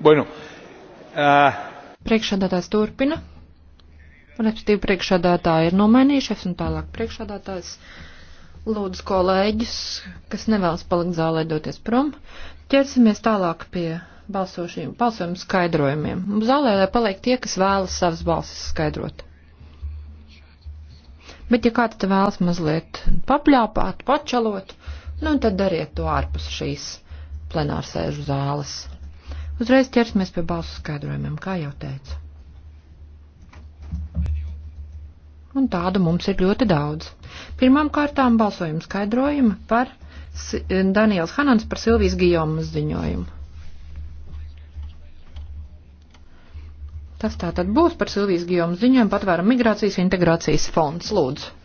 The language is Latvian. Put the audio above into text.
Bueno, uh... Priekšādātājs turpina. Respektīvi, priekšādātāji ir nomainījušies un tālāk priekšādātājs lūdzu kolēģis, kas nevēlas palikt zālē doties prom. Ķersimies tālāk pie balsošiem, balsojumu skaidrojumiem. Zālē, lai paliek tie, kas vēlas savas balsis skaidrot. Bet, ja kāds te vēlas mazliet papļāpāt, pačalot, nu tad dariet to ārpus šīs plenārsēžu zāles. Uzreiz ķersimies pie balsu skaidrojumiem, kā jau teicu. Un tādu mums ir ļoti daudz. Pirmām kārtām balsojuma skaidrojuma par eh, Daniels Hanans par Silvijas Gijomas ziņojumu. Tas tā tad būs par Silvijas Gijomas ziņojumu patvēra migrācijas integrācijas fonds. Lūdzu.